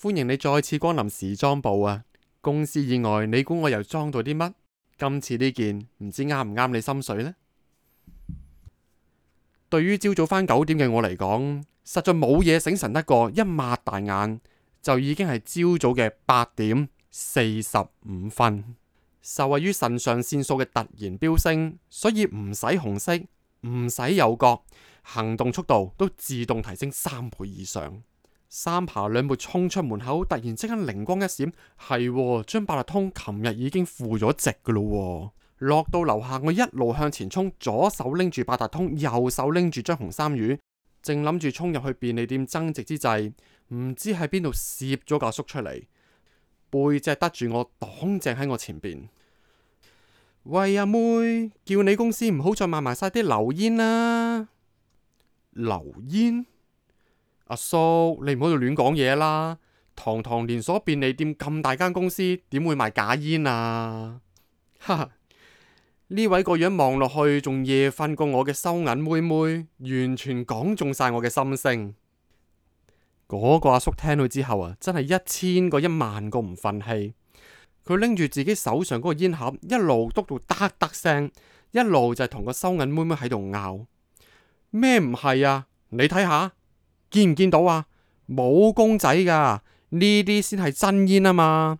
歡迎你再次光臨時裝部啊！公司以外，你估我又裝到啲乜？今次呢件唔知啱唔啱你心水呢？對於朝早返九點嘅我嚟講，實在冇嘢醒神得過，一擘大眼就已經係朝早嘅八點四十五分。受惠於腎上腺素嘅突然飆升，所以唔使紅色，唔使右角，行動速度都自動提升三倍以上。三爬兩步衝出門口，突然即刻靈光一閃，係喎，啊，張八達通琴日已經負咗值噶咯。落到樓下，我一路向前衝，左手拎住八達通，右手拎住張紅衫魚，正諗住衝入去便利店增值之際，唔知喺邊度攝咗個阿叔出嚟，背脊得住我擋正喺我前邊。喂，阿妹，叫你公司唔好再賣埋晒啲流煙啦，流煙。阿叔，你唔好喺度亂講嘢啦！堂堂連鎖便利店咁大間公司，點會賣假煙啊？哈哈！呢位個樣望落去，仲夜瞓過我嘅收銀妹妹，完全講中晒我嘅心聲。嗰個阿叔聽到之後啊，真係一千個一萬個唔忿氣。佢拎住自己手上嗰個煙盒，一路篤到得得聲，一路就同個收銀妹妹喺度拗，咩唔係啊？你睇下。見唔見到啊？冇公仔噶，呢啲先係真煙啊嘛！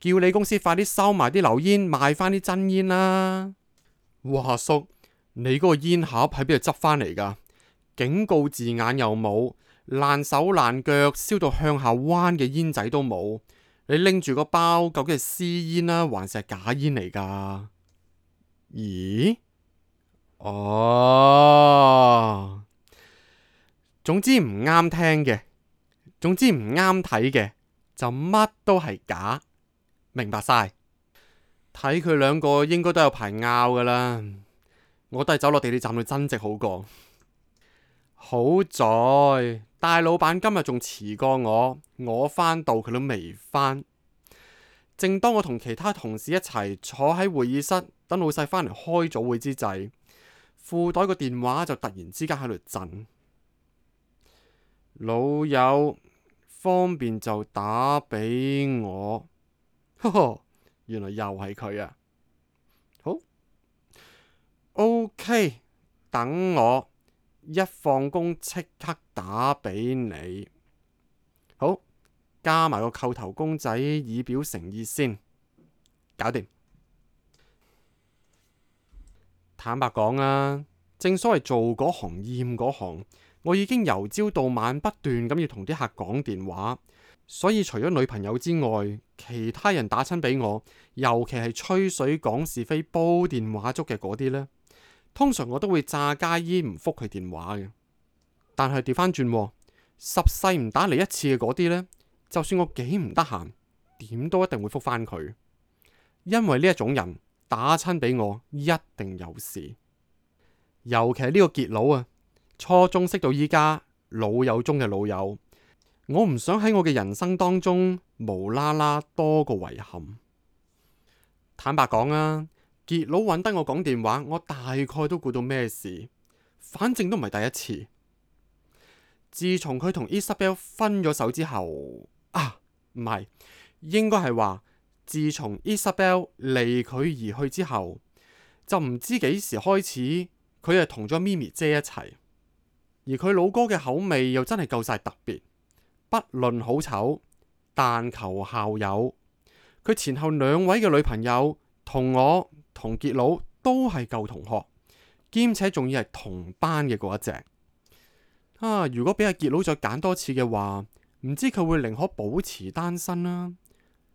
叫你公司快啲收埋啲流煙，賣翻啲真煙啦、啊！哇叔，你嗰個煙盒喺邊度執翻嚟噶？警告字眼又冇，爛手爛腳，燒到向下彎嘅煙仔都冇。你拎住個包，究竟係私煙啦、啊，還是係假煙嚟噶？咦？哦、啊！總之唔啱聽嘅，總之唔啱睇嘅，就乜都係假，明白晒。睇佢兩個應該都有排拗噶啦，我都係走落地鐵站去，增值好過。好在大老闆今日仲遲過我，我返到佢都未返。正當我同其他同事一齊坐喺會議室等老細返嚟開早會之際，褲袋個電話就突然之間喺度震。老友方便就打俾我，呵呵，原來又係佢啊！好，OK，等我一放工即刻打俾你。好，加埋個叩頭公仔以表誠意先，搞掂。坦白講啊，正所謂做嗰行，厭嗰行。我已經由朝到晚不斷咁要同啲客講電話，所以除咗女朋友之外，其他人打親俾我，尤其係吹水講是非煲電話粥嘅嗰啲呢，通常我都會詐假意唔復佢電話嘅。但係調翻轉，十世唔打嚟一次嘅嗰啲呢，就算我幾唔得閒，點都一定會復翻佢，因為呢一種人打親俾我一定有事，尤其係呢個傑佬啊！初中識到依家老友中嘅老友，我唔想喺我嘅人生當中無啦啦多個遺憾。坦白講啊，杰佬搵得我講電話，我大概都估到咩事。反正都唔係第一次。自從佢同 Isabel 分咗手之後啊，唔係，應該係話自從 Isabel 離佢而去之後，就唔知幾時開始佢係同咗咪咪姐一齊。而佢老哥嘅口味又真係夠晒特別，不論好醜，但求校友。佢前後兩位嘅女朋友同我同杰佬都係舊同學，兼且仲要係同班嘅嗰一隻啊。如果俾阿杰佬再揀多次嘅話，唔知佢會寧可保持單身啦、啊，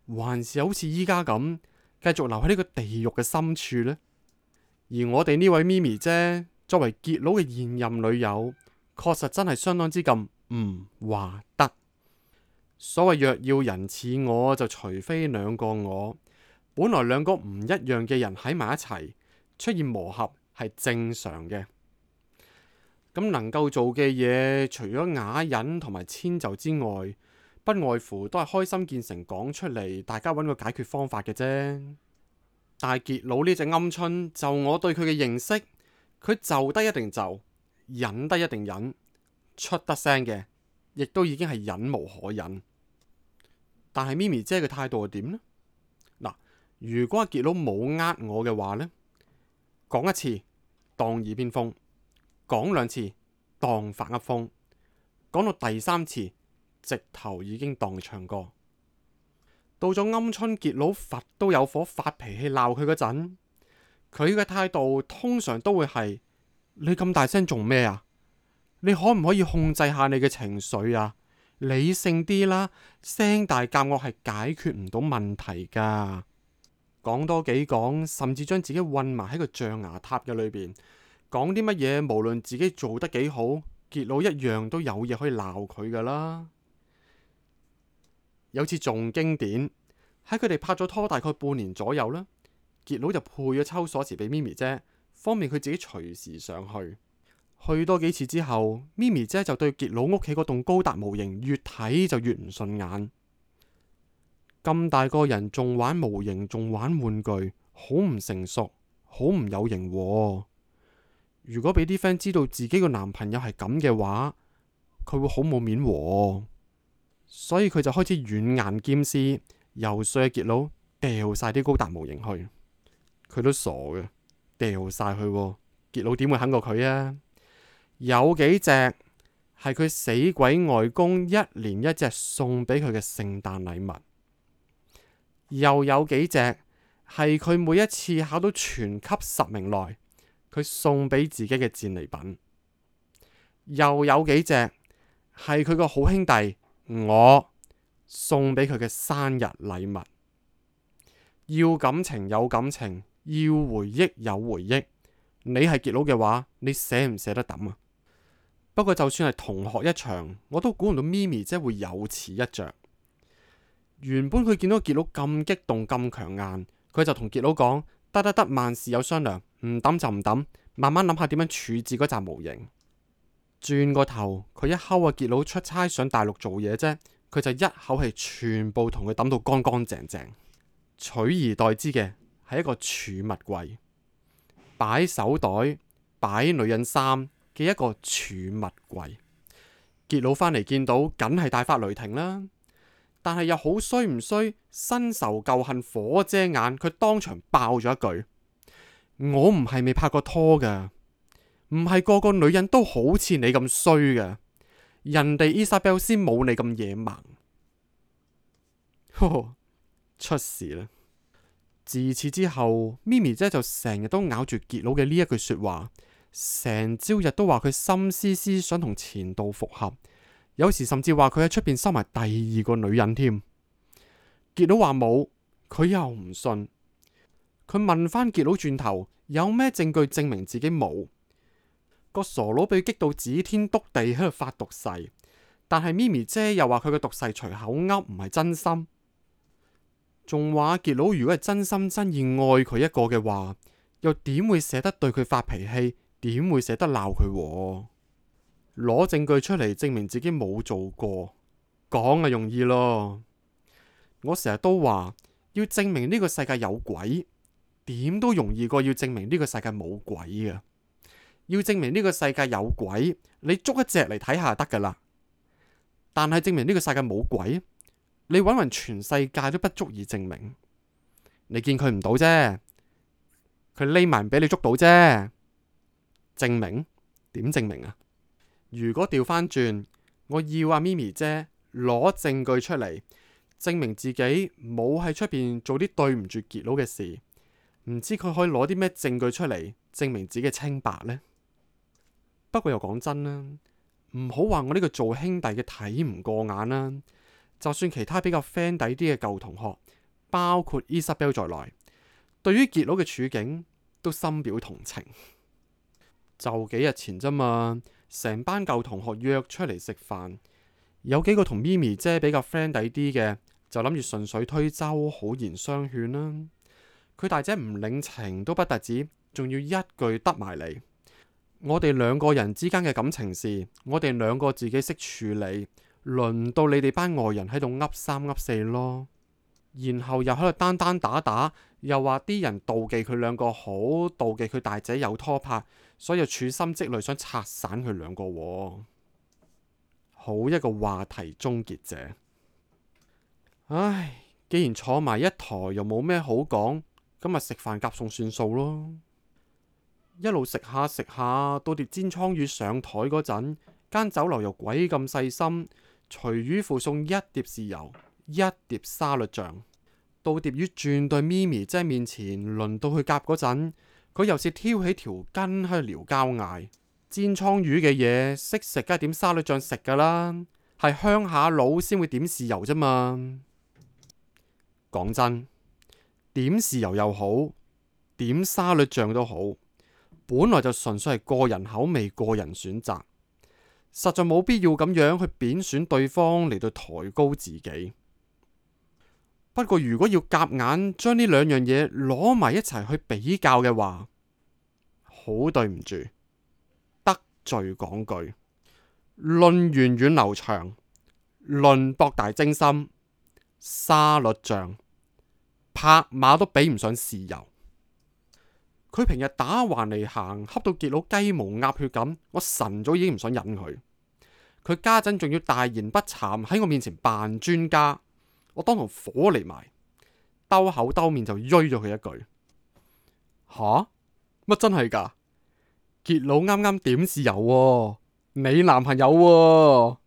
還是好似依家咁繼續留喺呢個地獄嘅深處呢？而我哋呢位咪咪姐，作為杰佬嘅現任女友。確實真係相當之咁唔話得。所謂若要人似我就，就除非兩個我。本來兩個唔一樣嘅人喺埋一齊，出現磨合係正常嘅。咁能夠做嘅嘢，除咗啞忍同埋遷就之外，不外乎都係開心見誠講出嚟，大家揾個解決方法嘅啫。但係杰魯呢隻鵪鶉，就我對佢嘅認識，佢就得一定就。忍得一定忍，出得聲嘅，亦都已經係忍無可忍。但係咪咪姐嘅態度係點呢？嗱，如果阿、啊、杰佬冇呃我嘅話呢，講一次當耳邊風，講兩次當發呃風，講到第三次直頭已經當唱歌。到咗鵪鶉杰佬佛都有火發脾氣鬧佢嗰陣，佢嘅態度通常都會係。你咁大聲做咩啊？你可唔可以控制下你嘅情緒啊？理性啲啦，聲大夾惡係解決唔到問題噶。講多幾講，甚至將自己韞埋喺個象牙塔嘅裏面，講啲乜嘢，無論自己做得幾好，杰佬一樣都有嘢可以鬧佢噶啦。有次仲經典，喺佢哋拍咗拖大概半年左右啦，杰佬就配咗抽鎖匙俾咪咪啫。方便佢自己隨時上去。去多幾次之後，咪咪姐就對傑佬屋企嗰棟高達模型越睇就越唔順眼。咁大個人仲玩模型，仲玩玩具，好唔成熟，好唔有型。如果俾啲 friend 知道自己個男朋友係咁嘅話，佢會好冇面喎。所以佢就開始軟硬兼施，游説阿傑佬掉晒啲高達模型去，佢都傻嘅。掉晒佢，傑佬點會肯過佢啊？有幾隻係佢死鬼外公一年一隻送俾佢嘅聖誕禮物，又有幾隻係佢每一次考到全級十名內，佢送俾自己嘅戰利品，又有幾隻係佢個好兄弟我送俾佢嘅生日禮物，要感情有感情。要回憶有回憶，你係杰佬嘅話，你捨唔捨得抌啊？不過就算係同學一場，我都估唔到咪咪姐會有此一着。原本佢見到杰佬咁激動咁強硬，佢就同杰佬講：得得得，萬事有商量，唔抌就唔抌，慢慢諗下點樣處置嗰紮模型。轉個頭，佢一敲阿杰佬「出差上大陸做嘢啫」，佢就一口氣全部同佢抌到乾乾淨淨，取而代之嘅。係一個儲物櫃，擺手袋、擺女人衫嘅一個儲物櫃。傑佬返嚟見到，梗係大發雷霆啦。但係又好衰唔衰，新仇舊恨火遮眼，佢當場爆咗一句：我唔係未拍過拖噶，唔係個個女人都好似你咁衰噶。人哋伊莎貝斯冇你咁野蠻。呵呵，出事啦！自此之後，咪咪姐就成日都咬住傑佬嘅呢一句說話，成朝日都話佢心思思想同前度復合，有時甚至話佢喺出邊收埋第二個女人添。傑佬話冇，佢又唔信，佢問翻傑佬轉頭有咩證據證明自己冇？個傻佬被激到指天篤地喺度發毒誓，但係咪咪姐又話佢嘅毒誓隨口噏，唔係真心。仲話杰佬如果係真心真意愛佢一個嘅話，又點會捨得對佢發脾氣？點會捨得鬧佢？攞證據出嚟證明自己冇做過，講就容易咯。我成日都話要證明呢個世界有鬼，點都容易過要證明呢個世界冇鬼嘅！要證明呢個世界有鬼，你捉一隻嚟睇下就得噶啦。但係證明呢個世界冇鬼？你搵勻全世界都不足以證明，你見佢唔到啫，佢匿埋唔俾你捉到啫，證明點證明啊？如果調翻轉，我要阿、啊、咪咪姐攞證據出嚟證明自己冇喺出邊做啲對唔住杰佬嘅事，唔知佢可以攞啲咩證據出嚟證明自己嘅清白呢？不過又講真啦，唔好話我呢個做兄弟嘅睇唔過眼啦。就算其他比較 friend 底啲嘅舊同學，包括 Isabel 在內，對於傑佬嘅處境都深表同情。 就幾日前咋嘛，成班舊同學約出嚟食飯，有幾個同咪咪姐比較 friend 底啲嘅，就諗住順水推舟，好言相勸啦、啊。佢大姐唔領情，都不特止，仲要一句得埋嚟。我哋兩個人之間嘅感情事，我哋兩個自己識處理。輪到你哋班外人喺度噏三噏四咯，然後又喺度單單打打，又話啲人妒忌佢兩個好，好妒忌佢大姐有拖拍，所以處心積慮想拆散佢兩個。好一個話題終結者！唉，既然坐埋一台又冇咩好講，咁咪食飯夾餸算數咯。一路食下食下，到碟煎倉魚上台嗰陣，間酒樓又鬼咁細心。隨魚附送一碟豉油，一碟沙律醬。到碟魚轉對咪咪姐面前輪，輪到佢夾嗰陣，佢又是挑起條筋喺度撩膠嗌煎倉魚嘅嘢，識食梗係點沙律醬食噶啦，係鄉下佬先會點豉油啫嘛。講真，點豉油又好，點沙律醬都好，本來就純粹係個人口味，個人選擇。實在冇必要咁樣去貶損對方嚟到抬高自己。不過如果要夾硬將呢兩樣嘢攞埋一齊去比較嘅話，好對唔住，得罪講句，論源遠流長，論博大精深，沙律醬，拍馬都比唔上豉油。佢平日打橫嚟行，恰到傑佬雞毛鴨血咁，我晨早已經唔想忍佢。佢家陣仲要大言不慚喺我面前扮專家，我當堂火嚟埋，兜口兜面就衰咗佢一句：吓乜真係噶？傑佬啱啱點豉油、啊，你男朋友、啊？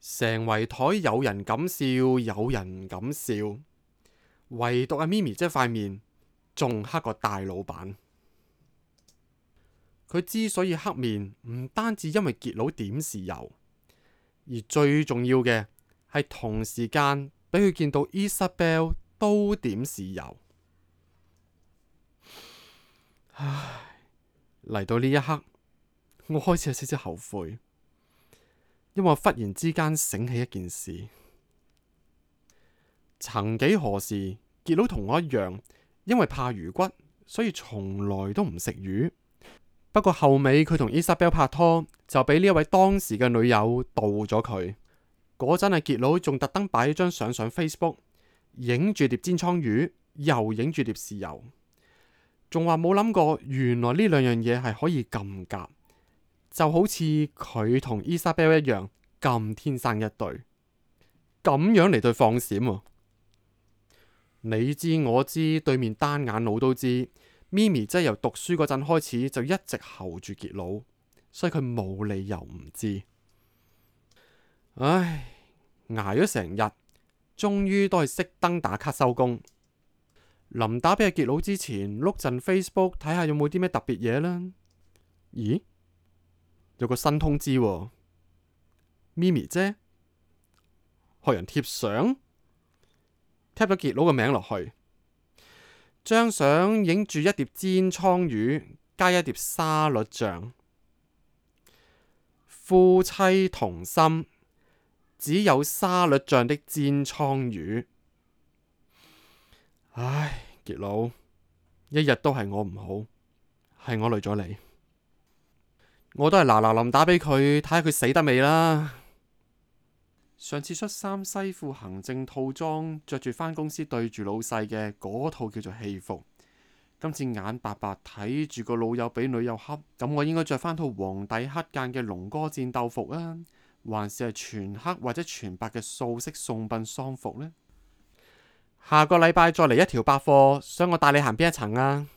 成圍台有人敢笑，有人唔敢笑，唯獨阿、啊、咪咪即係塊面。仲黑個大老闆，佢之所以黑面，唔單止因為杰佬點豉油，而最重要嘅係同時間俾佢見到 Isabel 都點豉油。唉，嚟到呢一刻，我開始有少少後悔，因為我忽然之間醒起一件事：曾幾何時，杰佬同我一樣。因為怕魚骨，所以從來都唔食魚。不過後尾佢同 Isabel 拍拖，就俾呢一位當時嘅女友導咗佢。果真係結佬，仲特登擺咗張相上 Facebook，影住碟煎倉魚,魚，又影住碟豉油，仲話冇諗過，原來呢兩樣嘢係可以咁夾，就好似佢同 Isabel 一樣咁天生一對，咁樣嚟對放閃、啊。你知我知，對面單眼佬都知，咪咪真係由讀書嗰陣開始就一直候住杰佬，所以佢冇理由唔知。唉，捱咗成日，終於都係熄燈打卡收工。臨打俾阿杰佬之前，碌陣 Facebook 睇下有冇啲咩特別嘢啦。咦？有個新通知喎，啊，咪咪姐學人貼相。貼咗杰佬個名落去，張相影住一碟煎倉魚，加一碟沙律醬。夫妻同心，只有沙律醬的煎倉魚。唉，杰佬，一日都係我唔好，係我累咗你，我都係嗱嗱臨打畀佢，睇下佢死得未啦。上次出衫西褲行政套裝，着住返公司對住老細嘅嗰套叫做戲服。今次眼白白睇住個老友俾女友恰，咁我應該着翻套黃底黑間嘅龍哥戰鬥服啊，還是係全黑或者全白嘅素色送殯喪服呢？下個禮拜再嚟一條百貨，想我帶你行邊一層啊？